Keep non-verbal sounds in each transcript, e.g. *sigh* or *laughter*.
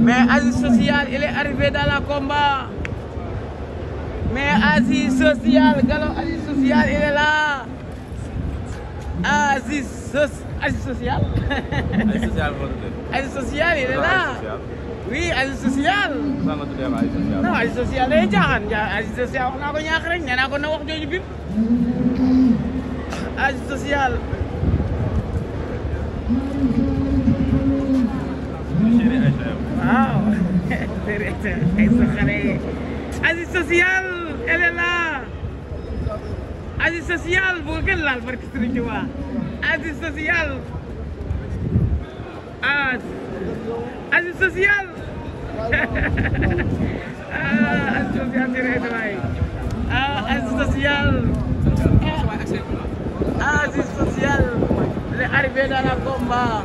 Mais Aziz Social, il est arrivé dans le combat. Mais Aziz Social, Galop Aziz Social, il est là. Aziz, Aziz Social. Aziz Social, Aziz Social, il est là. Oui, Aziz Social. Non, Aziz Social day jaaxaan Aziz Social wax naa ko ñaax rek nee naa ko na wax jooju bip. Aziz Social. chérie Aïcha waaw déedéet ay sa xale yi Aziz social elle est là Aziz social boo gën laal barki Sëriñ social ah Aziz *laughs* ah, ah, social ah Aziz social déedéet waay social ah Aziz social il est la combat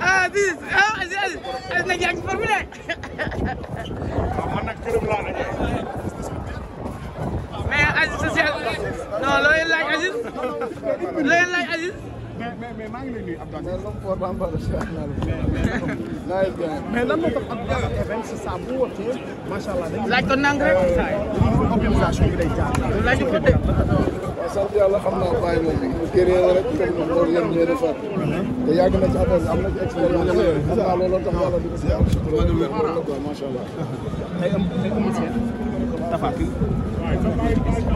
ah bis ah Aziz Aziz Aziz nag yaa ngi formu de. waaw man nag këram laa ne. mais Aziz social non looy laaj Aziz looy laaj Aziz. mais mais mais maa ngi lay nuyu Abdou mais lan moo tax Abdou Events si saa bu wootee macha allah. laaj ko nang rek. organisation bi day jaar. laaj ko de. sant yàlla xam naa bàyyi moom gëree rek fekk na loolu yëpp ñooy defar te yàgg na ci affaire bi am na ci expérience xam naa loolu tax yàlla di ko si yàlla quoi macha allah day am day am seen tafaati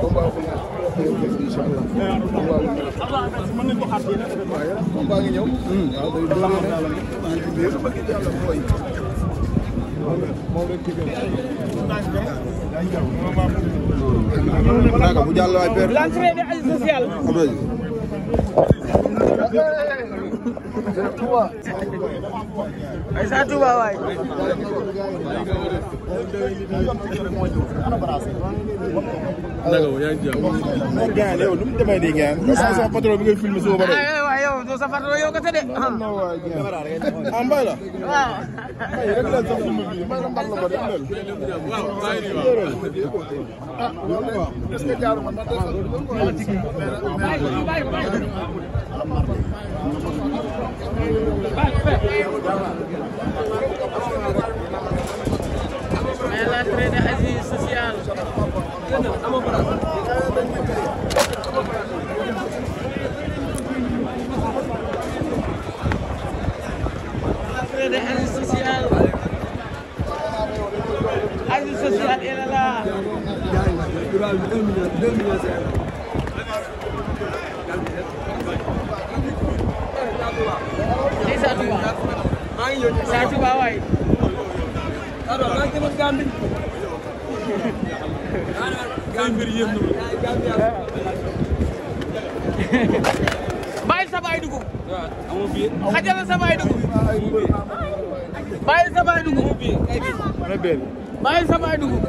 combat bu neex incha allah combat bu neex waaye combat ngi ñëw hmm. waaw day doole ne ci biir yàlla mooy moom rek ci gën Ndiaga bu jàll waay père. l'entrée de Aziz social. ay sa Touba waay. Ndiaga yaa ngi jàmm. gars yi yow nu mu demee nii gars yi. sama patron bi ngay filmé suba ba Moussa Fatou la yow kese de. ah mbay la. waaw. mbay rek leen sax numb bi mbay la mbar la ko def leen. waaw mbay la waaw. ah loolu la waaw. est-ce que jaaruma man de sax loolu mooy. mbay mbay mbay. mais l'entrée de Aziz social. daal bi 1 million 2 millions 500. lii Sa Touba. maa ngi ñëw ci Sa Touba waay. alors maa ngi dem ak Gambie. Gambie yëpp na bàyyil sa baay dugub. xajal sa baay dugub. bàyyil sa baay dugub. bàyyil sa baay dugub.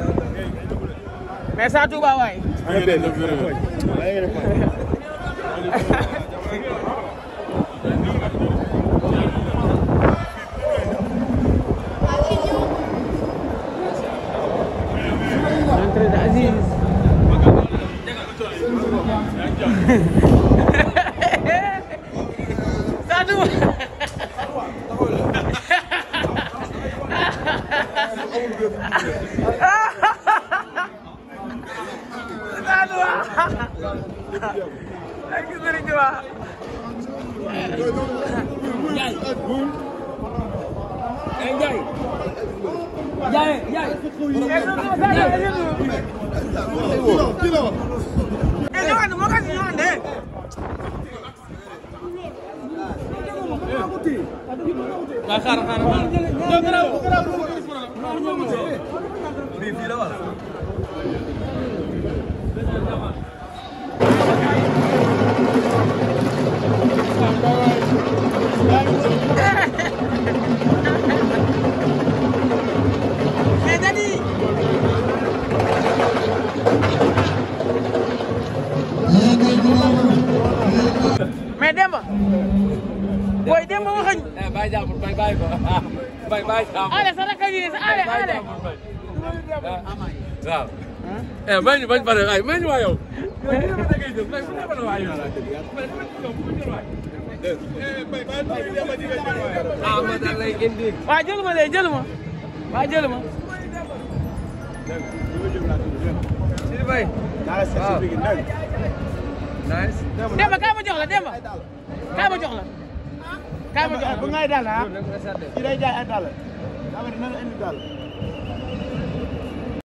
mais saa Touba waay. Sadou xaaral xaaral bye bye một bay bay *laughs* bay bay bay. Ada sana kali ni, ada ada. Rồi. eh may ñu bañ pare ay may ñu waa yow. ah ma daal lay indi. waaw jël ma léegi jël ma waaw jël ma. Sidi Faye. waaw. Demba kaa ma jox la Demba. kaa ma jox la. kaa ma jox la bu ngay dàll ah. ci day jaay ay dàll. daa ma dina la indi dàll.